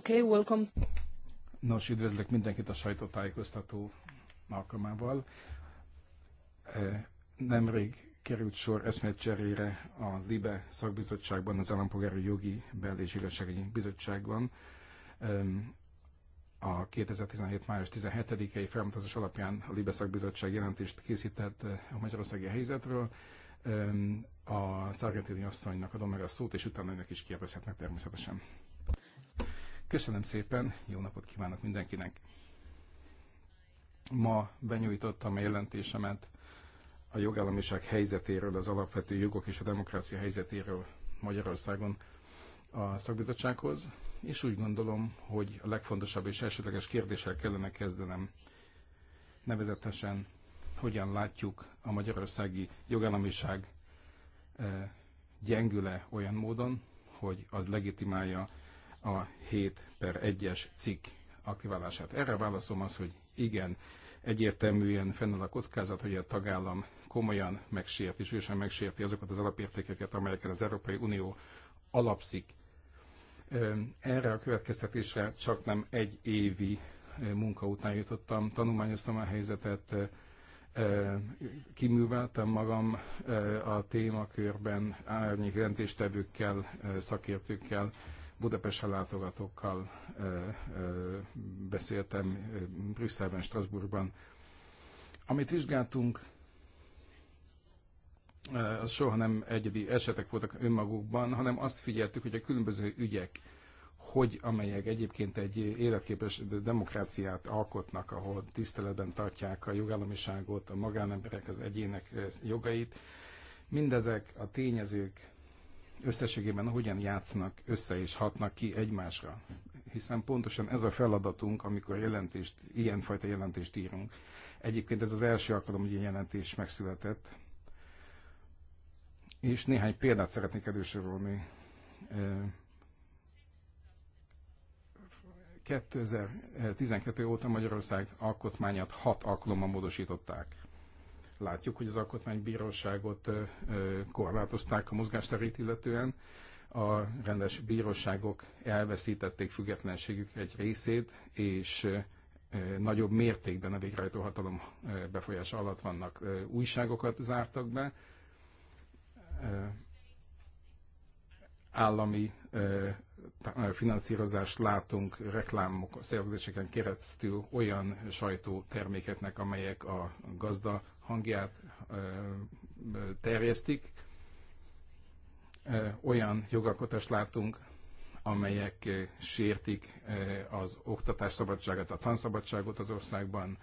Okay, welcome. Nos, üdvözlök mindenkit a sajtótájékoztató alkalmával. E, nemrég került sor eszméletcserére a LIBE szakbizottságban, az Állampolgári Jogi Bel- és Igazságügyi Bizottságban e, a 2017. május 17-i felmutatás alapján a Libe Szakbizottság jelentést készített e, a magyarországi helyzetről. A Szargentini asszonynak adom meg a szót, és utána önök is kérdezhetnek természetesen. Köszönöm szépen, jó napot kívánok mindenkinek! Ma benyújtottam a jelentésemet a jogállamiság helyzetéről, az alapvető jogok és a demokrácia helyzetéről Magyarországon a szakbizottsághoz, és úgy gondolom, hogy a legfontosabb és elsődleges kérdéssel kellene kezdenem, nevezetesen hogyan látjuk a magyarországi jogállamiság eh, gyengüle olyan módon, hogy az legitimálja a 7 per 1-es cikk aktiválását. Erre válaszom az, hogy igen, egyértelműen fennáll a kockázat, hogy a tagállam komolyan megsérti, ősen megsérti azokat az alapértékeket, amelyeket az Európai Unió alapszik. Erre a következtetésre csak nem egy évi munka után jutottam, tanulmányoztam a helyzetet, kiműveltem magam a témakörben árnyék jelentéstevőkkel, szakértőkkel, Budapesten látogatókkal beszéltem, Brüsszelben, Strasbourgban. Amit vizsgáltunk, az soha nem egyedi esetek voltak önmagukban, hanem azt figyeltük, hogy a különböző ügyek, hogy amelyek egyébként egy életképes demokráciát alkotnak, ahol tiszteletben tartják a jogállamiságot, a magánemberek, az egyének jogait, mindezek a tényezők összességében hogyan játsznak össze és hatnak ki egymásra. Hiszen pontosan ez a feladatunk, amikor jelentést, ilyenfajta jelentést írunk. Egyébként ez az első alkalom, hogy ilyen jelentés megszületett. És néhány példát szeretnék elősorolni. 2012 óta Magyarország alkotmányát hat alkalommal módosították Látjuk, hogy az alkotmánybíróságot korlátozták a mozgásterét illetően. A rendes bíróságok elveszítették függetlenségük egy részét, és nagyobb mértékben a végrehajtó hatalom befolyása alatt vannak. Újságokat zártak be, állami finanszírozást látunk reklámok, szerződéseken keresztül olyan sajtótermékeknek, amelyek a gazda hangját terjesztik. Olyan jogalkotást látunk, amelyek sértik az oktatás szabadságát, a tanszabadságot az országban,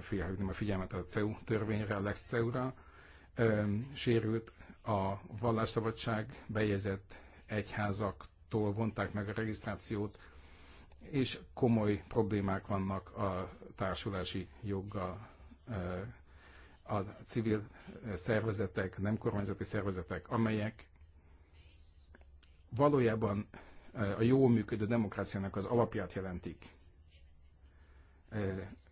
felhívnám a figyelmet a CEU törvényre, a Lex CEU-ra, sérült a vallásszabadság, bejezett egyházaktól vonták meg a regisztrációt, és komoly problémák vannak a társulási joggal. A civil szervezetek, nem kormányzati szervezetek, amelyek valójában a jól működő demokráciának az alapját jelentik.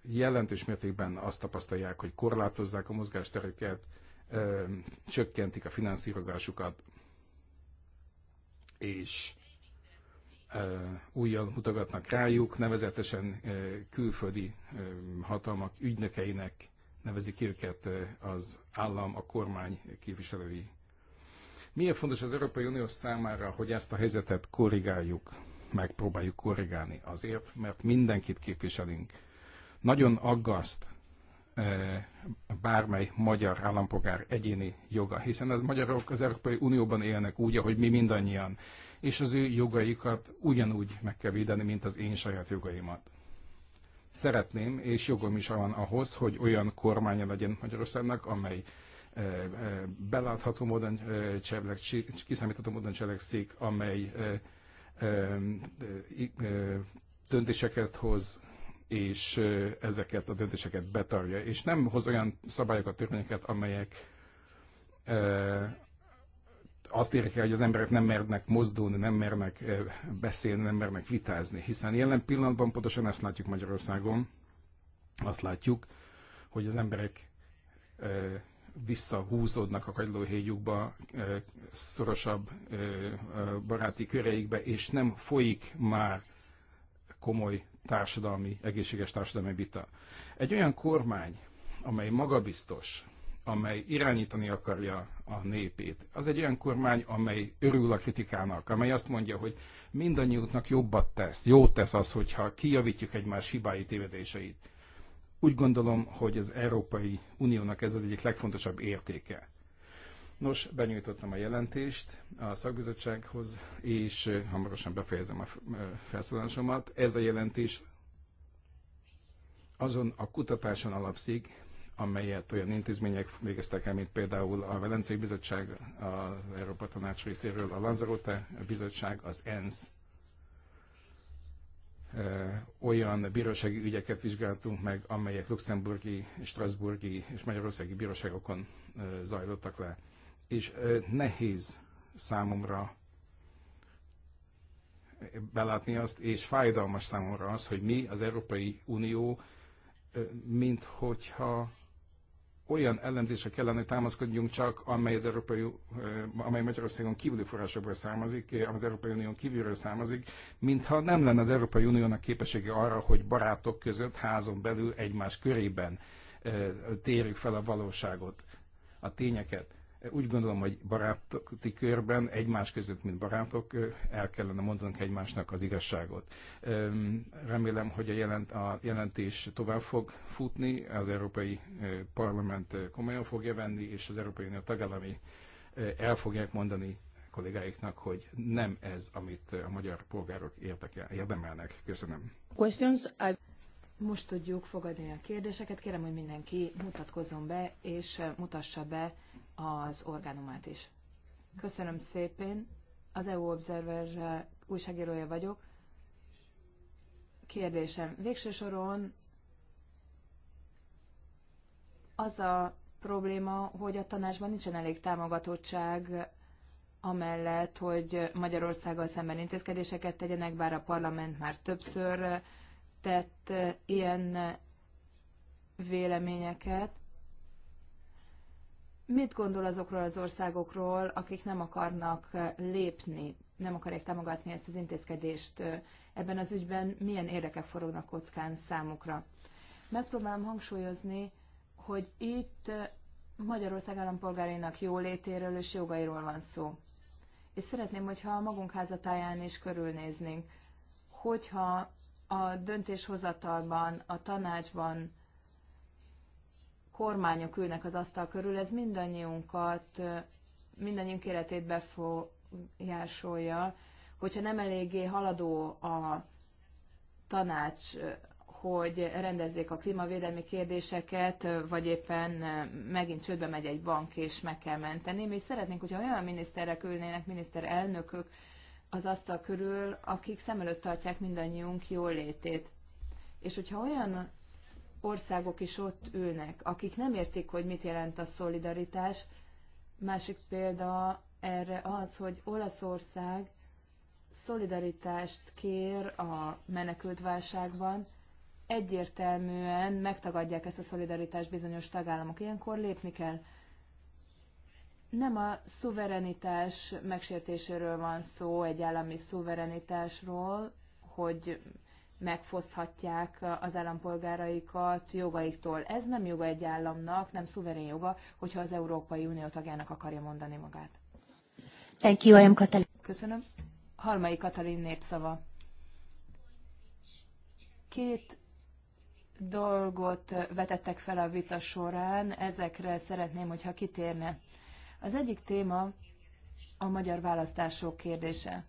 Jelentős mértékben azt tapasztalják, hogy korlátozzák a mozgásterüket, csökkentik a finanszírozásukat, és újjal mutogatnak rájuk, nevezetesen külföldi hatalmak ügynökeinek nevezik ki őket az állam, a kormány képviselői. Miért fontos az Európai Unió számára, hogy ezt a helyzetet korrigáljuk, megpróbáljuk korrigálni? Azért, mert mindenkit képviselünk. Nagyon aggaszt Eh, bármely magyar állampolgár egyéni joga, hiszen az magyarok az Európai Unióban élnek úgy, ahogy mi mindannyian, és az ő jogaikat ugyanúgy meg kell védeni, mint az én saját jogaimat. Szeretném, és jogom is van ahhoz, hogy olyan kormánya legyen Magyarországnak, amely eh, eh, belátható módon cselek, kiszámítható módon cselekszik, amely döntéseket hoz és ezeket a döntéseket betarja, és nem hoz olyan szabályokat, törvényeket, amelyek azt érik el, hogy az emberek nem mernek mozdulni, nem mernek beszélni, nem mernek vitázni, hiszen jelen pillanatban pontosan ezt látjuk Magyarországon, azt látjuk, hogy az emberek visszahúzódnak a kagylóhéjukba, szorosabb baráti köreikbe, és nem folyik már komoly társadalmi, egészséges társadalmi vita. Egy olyan kormány, amely magabiztos, amely irányítani akarja a népét, az egy olyan kormány, amely örül a kritikának, amely azt mondja, hogy mindannyiunknak jobbat tesz, jót tesz az, hogyha kijavítjuk egymás hibái tévedéseit. Úgy gondolom, hogy az Európai Uniónak ez az egyik legfontosabb értéke. Nos, benyújtottam a jelentést a szakbizottsághoz, és eh, hamarosan befejezem a eh, felszólalásomat. Ez a jelentés azon a kutatáson alapszik, amelyet olyan intézmények végeztek el, mint például a Velencei Bizottság, az Európa Tanács részéről, a Lanzarote Bizottság, az ENSZ. Eh, olyan bírósági ügyeket vizsgáltunk meg, amelyek luxemburgi, strasburgi és magyarországi bíróságokon zajlottak le és nehéz számomra belátni azt, és fájdalmas számomra az, hogy mi, az Európai Unió, mint hogyha olyan ellenzésre kellene támaszkodjunk csak, amely, az Európai, amely Magyarországon kívüli forrásokból származik, az Európai Unión kívülről származik, mintha nem lenne az Európai Uniónak képessége arra, hogy barátok között, házon belül, egymás körében térjük fel a valóságot, a tényeket. Úgy gondolom, hogy baráti körben egymás között, mint barátok, el kellene mondanunk egymásnak az igazságot. Remélem, hogy a, jelent, a jelentés tovább fog futni, az Európai Parlament komolyan fogja venni, és az Európai Unió tagállami el fogják mondani kollégáiknak, hogy nem ez, amit a magyar polgárok érdekel, érdemelnek. Köszönöm. Questions? Most tudjuk fogadni a kérdéseket. Kérem, hogy mindenki mutatkozzon be, és mutassa be az orgánumát is. Köszönöm szépen, az EU Observer eh, újságírója vagyok. Kérdésem, végső soron az a probléma, hogy a tanácsban nincsen elég támogatottság amellett, hogy Magyarországgal szemben intézkedéseket tegyenek, bár a parlament már többször eh, tett eh, ilyen véleményeket. Mit gondol azokról az országokról, akik nem akarnak lépni, nem akarják támogatni ezt az intézkedést ebben az ügyben, milyen érdekek forognak kockán számukra? Megpróbálom hangsúlyozni, hogy itt Magyarország állampolgárainak jólétéről és jogairól van szó. És szeretném, hogyha a magunk házatáján is körülnéznénk, hogyha a döntéshozatalban, a tanácsban, kormányok ülnek az asztal körül, ez mindannyiunkat, mindannyiunk életét befolyásolja, hogyha nem eléggé haladó a tanács, hogy rendezzék a klímavédelmi kérdéseket, vagy éppen megint csődbe megy egy bank, és meg kell menteni. Mi szeretnénk, hogyha olyan miniszterek ülnének, miniszterelnökök az asztal körül, akik szem előtt tartják mindannyiunk jólétét. És hogyha olyan országok is ott ülnek, akik nem értik, hogy mit jelent a szolidaritás. Másik példa erre az, hogy Olaszország szolidaritást kér a menekültválságban, egyértelműen megtagadják ezt a szolidaritást bizonyos tagállamok. Ilyenkor lépni kell. Nem a szuverenitás megsértéséről van szó, egy állami szuverenitásról, hogy megfoszthatják az állampolgáraikat jogaiktól. Ez nem joga egy államnak, nem szuverén joga, hogyha az Európai Unió tagjának akarja mondani magát. Thank you, I am Katalin. Köszönöm. Harmai Katalin népszava. Két dolgot vetettek fel a vita során, ezekre szeretném, hogyha kitérne. Az egyik téma a magyar választások kérdése.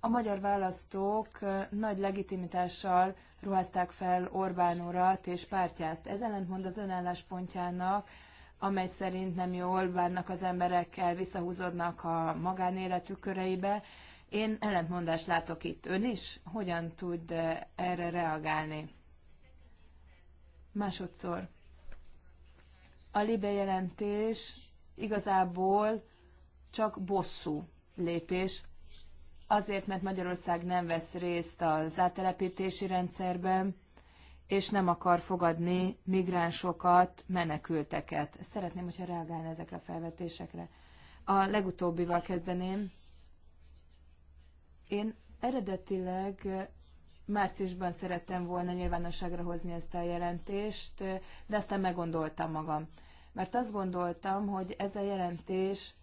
a magyar választók nagy legitimitással ruházták fel Orbán urat és pártját. Ez ellentmond az önálláspontjának, amely szerint nem jó Orbánnak az emberekkel visszahúzódnak a magánéletük köreibe. Én ellentmondást látok itt. Ön is hogyan tud erre reagálni? Másodszor. A libe jelentés igazából csak bosszú lépés azért, mert Magyarország nem vesz részt az átelepítési rendszerben, és nem akar fogadni migránsokat, menekülteket. Szeretném, hogyha reagálna ezekre a felvetésekre. A legutóbbival kezdeném. Én eredetileg márciusban szerettem volna nyilvánosságra hozni ezt a jelentést, de aztán meggondoltam magam. Mert azt gondoltam, hogy ez a jelentés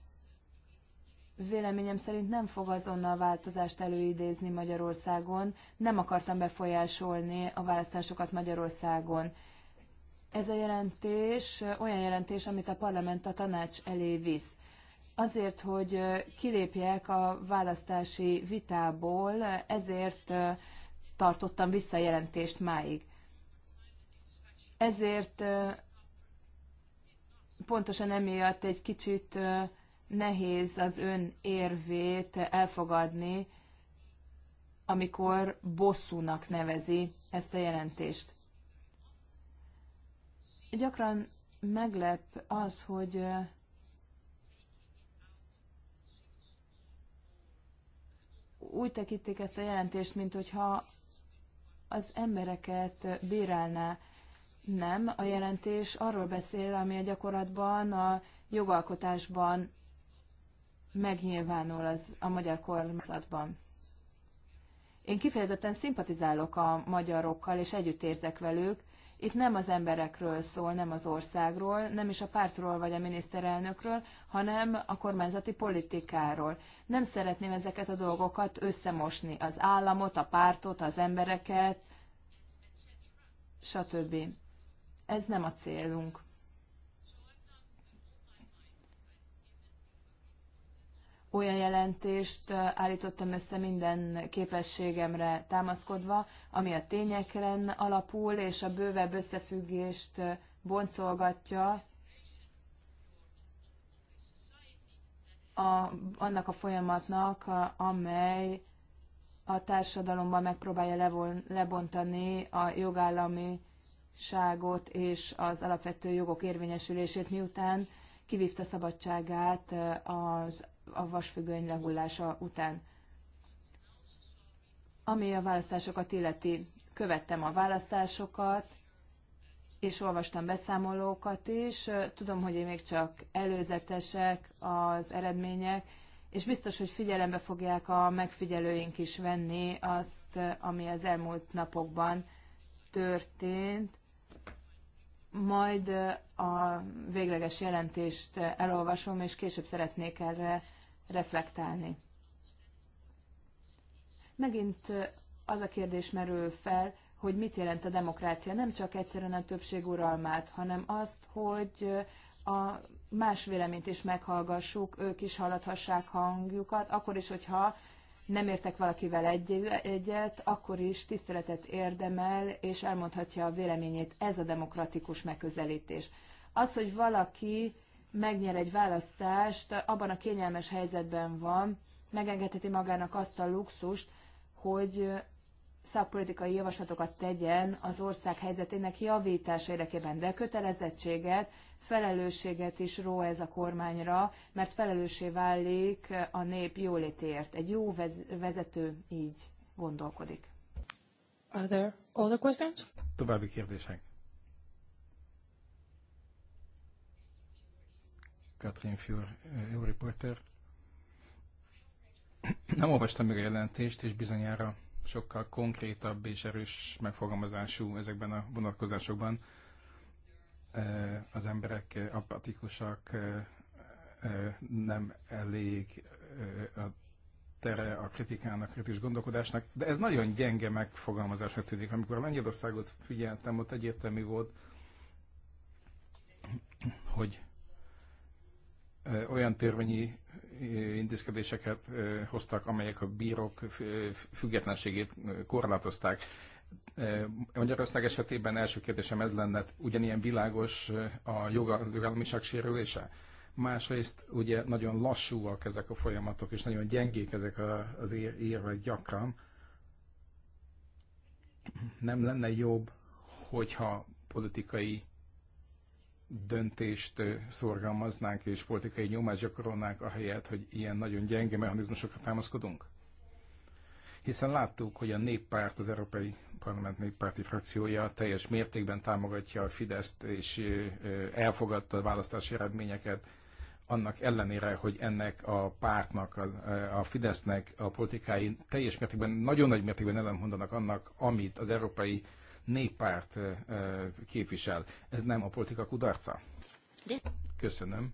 véleményem szerint nem fog azonnal változást előidézni Magyarországon. Nem akartam befolyásolni a választásokat Magyarországon. Ez a jelentés olyan jelentés, amit a parlament a tanács elé visz. Azért, hogy kilépjek a választási vitából, ezért tartottam vissza a jelentést máig. Ezért pontosan emiatt egy kicsit nehéz az ön érvét elfogadni, amikor bosszúnak nevezi ezt a jelentést. Gyakran meglep az, hogy úgy tekintik ezt a jelentést, mint hogyha az embereket bírálná. Nem, a jelentés arról beszél, ami a gyakorlatban, a jogalkotásban megnyilvánul az, a magyar kormányzatban. Én kifejezetten szimpatizálok a magyarokkal, és együtt érzek velük. Itt nem az emberekről szól, nem az országról, nem is a pártról vagy a miniszterelnökről, hanem a kormányzati politikáról. Nem szeretném ezeket a dolgokat összemosni, az államot, a pártot, az embereket, stb. Ez nem a célunk. olyan jelentést állítottam össze minden képességemre támaszkodva, ami a tényekren alapul, és a bővebb összefüggést boncolgatja a, annak a folyamatnak, amely a társadalomban megpróbálja levon, lebontani a jogállamiságot és az alapvető jogok érvényesülését, miután kivívta szabadságát az a vasfüggöny lehullása után. Ami a választásokat illeti, követtem a választásokat, és olvastam beszámolókat is. Tudom, hogy még csak előzetesek az eredmények, és biztos, hogy figyelembe fogják a megfigyelőink is venni azt, ami az elmúlt napokban történt majd a végleges jelentést elolvasom, és később szeretnék erre reflektálni. Megint az a kérdés merül fel, hogy mit jelent a demokrácia, nem csak egyszerűen a többség uralmát, hanem azt, hogy a más véleményt is meghallgassuk, ők is hallathassák hangjukat, akkor is, hogyha nem értek valakivel egy, egyet, akkor is tiszteletet érdemel, és elmondhatja a véleményét. Ez a demokratikus megközelítés. Az, hogy valaki megnyer egy választást, abban a kényelmes helyzetben van, megengedheti magának azt a luxust, hogy szakpolitikai javaslatokat tegyen az ország helyzetének javítása érdekében, de kötelezettséget, felelősséget is ró ez a kormányra, mert felelőssé válik a nép jólétért. Egy jó vezető így gondolkodik. Are there other questions? További kérdések. Katrin Fjör, jó riporter. Nem olvastam meg a jelentést, és bizonyára sokkal konkrétabb és erős megfogalmazású ezekben a vonatkozásokban. Az emberek apatikusak, nem elég a tere a kritikának, kritikus gondolkodásnak, de ez nagyon gyenge megfogalmazásnak tűnik. Amikor Lengyelországot figyeltem, ott egyértelmű volt, hogy olyan törvényi intézkedéseket hoztak, amelyek a bírók függetlenségét korlátozták. Magyarország esetében első kérdésem ez lenne, ugyanilyen világos a jogállamiság sérülése? Másrészt ugye nagyon lassúak ezek a folyamatok, és nagyon gyengék ezek az érvek gyakran. Nem lenne jobb, hogyha politikai döntést szorgalmaznánk és politikai nyomást gyakorolnánk a helyet, hogy ilyen nagyon gyenge mechanizmusokra támaszkodunk? Hiszen láttuk, hogy a néppárt, az Európai Parlament néppárti frakciója teljes mértékben támogatja a Fideszt, és elfogadta a választási eredményeket, annak ellenére, hogy ennek a pártnak, a, Fidesznek a politikái teljes mértékben, nagyon nagy mértékben ellentmondanak annak, amit az Európai néppárt képvisel. Ez nem a politika kudarca? Köszönöm.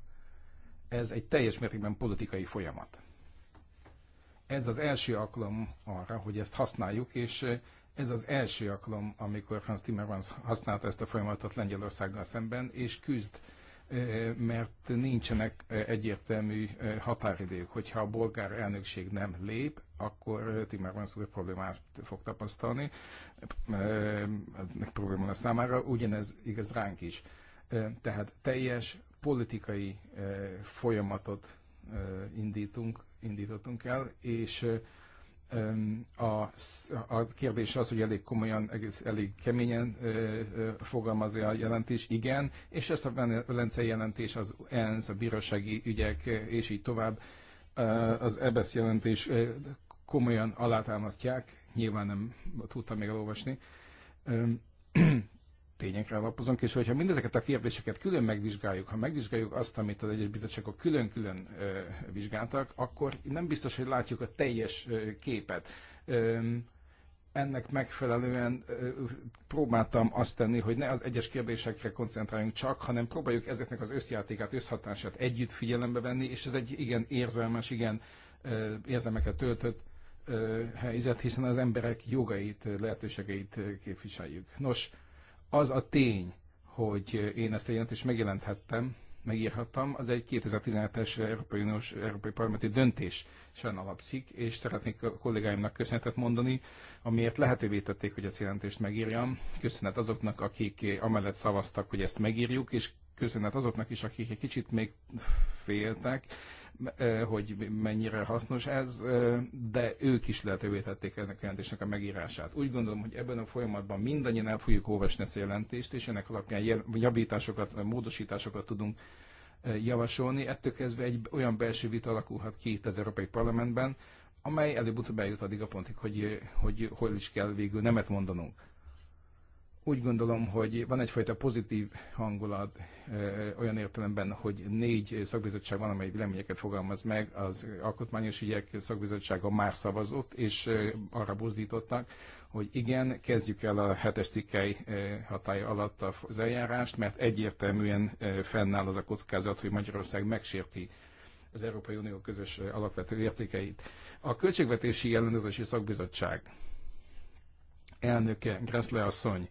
Ez egy teljes mértékben politikai folyamat. Ez az első alkalom arra, hogy ezt használjuk, és ez az első alkalom, amikor Franz Timmermans használta ezt a folyamatot Lengyelországgal szemben, és küzd mert nincsenek egyértelmű határidők. Hogyha a bolgár elnökség nem lép, akkor Timmermans úr problémát fog tapasztalni, probléma lesz számára, ugyanez igaz ránk is. Tehát teljes politikai folyamatot indítunk, indítottunk el, és a, a kérdés az, hogy elég komolyan, egész, elég keményen ö, ö, fogalmazja a jelentés, igen, és ezt a Velencei jelentés, az ENSZ, a bírósági ügyek, és így tovább, az EBSZ e jelentés komolyan alátámasztják, nyilván nem tudtam még elolvasni tényekre alapozunk, és hogyha mindezeket a kérdéseket külön megvizsgáljuk, ha megvizsgáljuk azt, amit az egyes bizottságok külön-külön vizsgáltak, akkor nem biztos, hogy látjuk a teljes képet. Ennek megfelelően próbáltam azt tenni, hogy ne az egyes kérdésekre koncentráljunk csak, hanem próbáljuk ezeknek az összjátékát, összhatását együtt figyelembe venni, és ez egy igen érzelmes, igen érzelmeket töltött helyzet, hiszen az emberek jogait, lehetőségeit képviseljük. Nos, az a tény, hogy én ezt a jelentést megjelenthettem, megírhattam, az egy 2017-es Európai Uniós Európai Parlamenti döntés. sem alapszik, és szeretnék a kollégáimnak köszönetet mondani, amiért lehetővé tették, hogy ezt a jelentést megírjam. Köszönet azoknak, akik amellett szavaztak, hogy ezt megírjuk, és köszönet azoknak is, akik egy kicsit még féltek, hogy mennyire hasznos ez, de ők is lehetővé tették ennek a jelentésnek a megírását. Úgy gondolom, hogy ebben a folyamatban mindannyian el fogjuk olvasni ezt a jelentést, és ennek alapján javításokat, módosításokat tudunk javasolni. Ettől kezdve egy olyan belső vita alakulhat ki itt az Európai Parlamentben, amely előbb-utóbb eljut addig a pontig, hogy, hogy hol is kell végül nemet mondanunk úgy gondolom, hogy van egyfajta pozitív hangulat olyan értelemben, hogy négy szakbizottság van, amely véleményeket fogalmaz meg, az Alkotmányos Ügyek Szakbizottsága már szavazott, és arra buzdítottak, hogy igen, kezdjük el a hetes cikkely hatája alatt az eljárást, mert egyértelműen fennáll az a kockázat, hogy Magyarország megsérti az Európai Unió közös alapvető értékeit. A Költségvetési Ellenőrzési Szakbizottság elnöke, Gressle asszony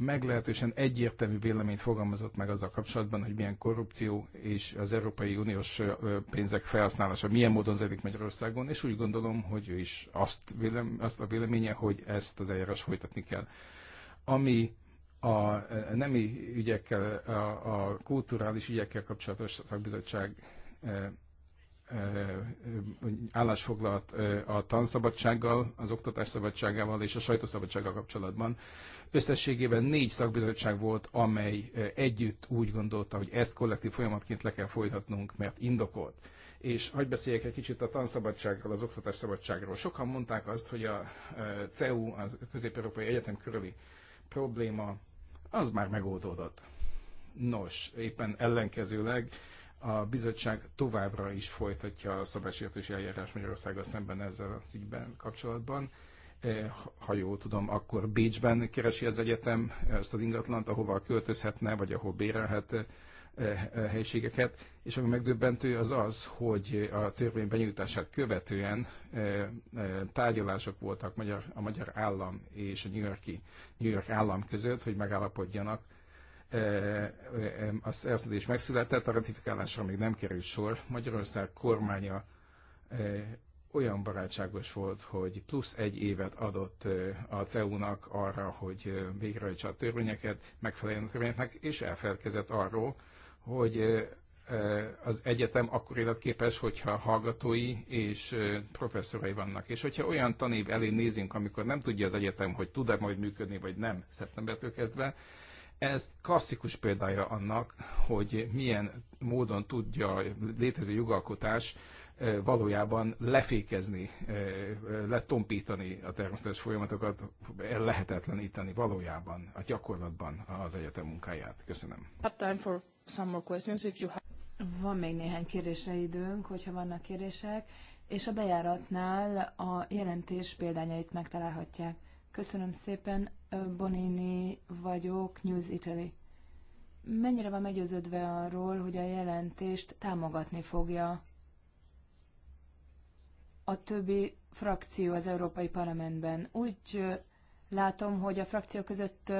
meglehetősen egyértelmű véleményt fogalmazott meg azzal kapcsolatban, hogy milyen korrupció és az Európai Uniós pénzek felhasználása milyen módon zajlik Magyarországon, és úgy gondolom, hogy ő is azt, vélem, azt a véleménye, hogy ezt az eljárás folytatni kell. Ami a nemi ügyekkel, a, a kulturális ügyekkel kapcsolatos szakbizottság állásfoglalat a tanszabadsággal, az oktatás szabadságával és a sajtószabadsággal kapcsolatban. Összességében négy szakbizottság volt, amely együtt úgy gondolta, hogy ezt kollektív folyamatként le kell folytatnunk, mert indokolt. És hagyj beszéljek egy kicsit a tanszabadsággal, az oktatás szabadságról. Sokan mondták azt, hogy a CEU, az Közép-Európai Egyetem körüli probléma, az már megoldódott. Nos, éppen ellenkezőleg a bizottság továbbra is folytatja a szabálysértési eljárás Magyarországgal szemben ezzel az ügyben kapcsolatban. E, ha jól tudom, akkor Bécsben keresi az egyetem ezt az ingatlant, ahova költözhetne, vagy ahol bérelhet e, e, helységeket, és ami megdöbbentő az az, hogy a törvény benyújtását követően tárgyalások voltak a magyar állam és a New, Yorki, New York állam között, hogy megállapodjanak a szerződés megszületett, a ratifikálásra még nem került sor. Magyarország kormánya olyan barátságos volt, hogy plusz egy évet adott a CEU-nak arra, hogy végrehajtsa a törvényeket, megfeleljen a törvényeknek, és elfelelkezett arról, hogy az egyetem akkor életképes, hogyha hallgatói és professzorai vannak. És hogyha olyan tanév elé nézünk, amikor nem tudja az egyetem, hogy tud-e majd működni, vagy nem szeptembertől kezdve, ez klasszikus példája annak, hogy milyen módon tudja létező jogalkotás eh, valójában lefékezni, eh, letompítani a természetes folyamatokat, el lehetetleníteni valójában, a gyakorlatban az egyetem munkáját. Köszönöm. Van még néhány kérdésre időnk, hogyha vannak kérdések, és a bejáratnál a jelentés példányait megtalálhatják. Köszönöm szépen, Bonini vagyok, News Italy. Mennyire van meggyőződve arról, hogy a jelentést támogatni fogja a többi frakció az Európai Parlamentben? Úgy látom, hogy a frakció között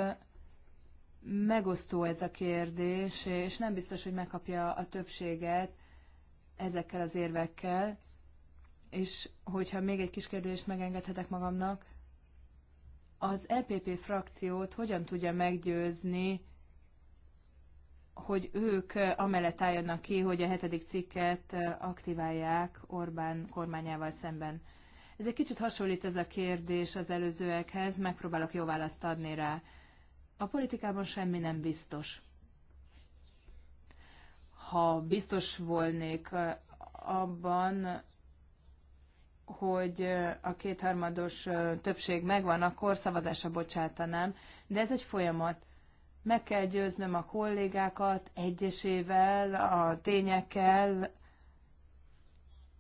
megosztó ez a kérdés, és nem biztos, hogy megkapja a többséget ezekkel az érvekkel. És hogyha még egy kis kérdést megengedhetek magamnak, az EPP frakciót hogyan tudja meggyőzni, hogy ők amellett álljanak ki, hogy a hetedik cikket aktiválják Orbán kormányával szemben. Ez egy kicsit hasonlít ez a kérdés az előzőekhez, megpróbálok jó választ adni rá. A politikában semmi nem biztos. Ha biztos volnék eh, abban, hogy a kétharmados többség megvan, akkor szavazásra bocsátanám, de ez egy folyamat. Meg kell győznöm a kollégákat egyesével, a tényekkel,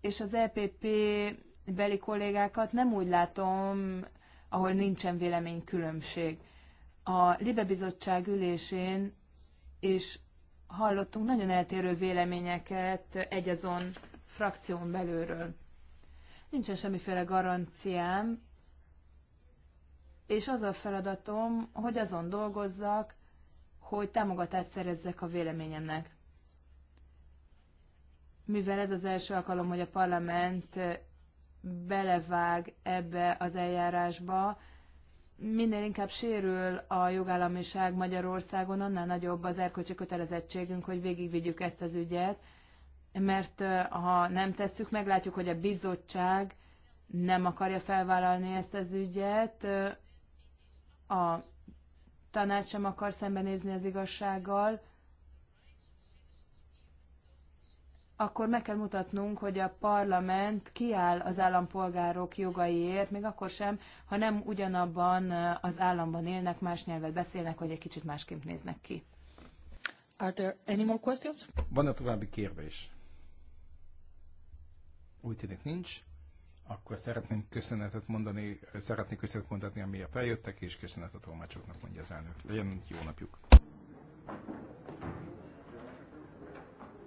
és az EPP beli kollégákat nem úgy látom, ahol nincsen véleménykülönbség. A Libe Bizottság ülésén is hallottunk nagyon eltérő véleményeket egyazon frakción belülről nincsen semmiféle garanciám, és az a feladatom, hogy azon dolgozzak, hogy támogatást szerezzek a véleményemnek. Mivel ez az első alkalom, hogy a parlament belevág ebbe az eljárásba, minél inkább sérül a jogállamiság Magyarországon, annál nagyobb az erkölcsi kötelezettségünk, hogy végigvigyük ezt az ügyet, mert ha nem tesszük, látjuk, hogy a bizottság nem akarja felvállalni ezt az ügyet, a tanács sem akar szembenézni az igazsággal, akkor meg kell mutatnunk, hogy a parlament kiáll az állampolgárok jogaiért, még akkor sem, ha nem ugyanabban az államban élnek, más nyelvet beszélnek, vagy egy kicsit másképp néznek ki. Are there any more questions? Van-e további kérdés? Úgy tűnik nincs. Akkor szeretném köszönetet mondani, szeretnék köszönetet mondani, amiért eljöttek, és köszönetet a tolmácsoknak mondja az elnök. Legyen jó napjuk!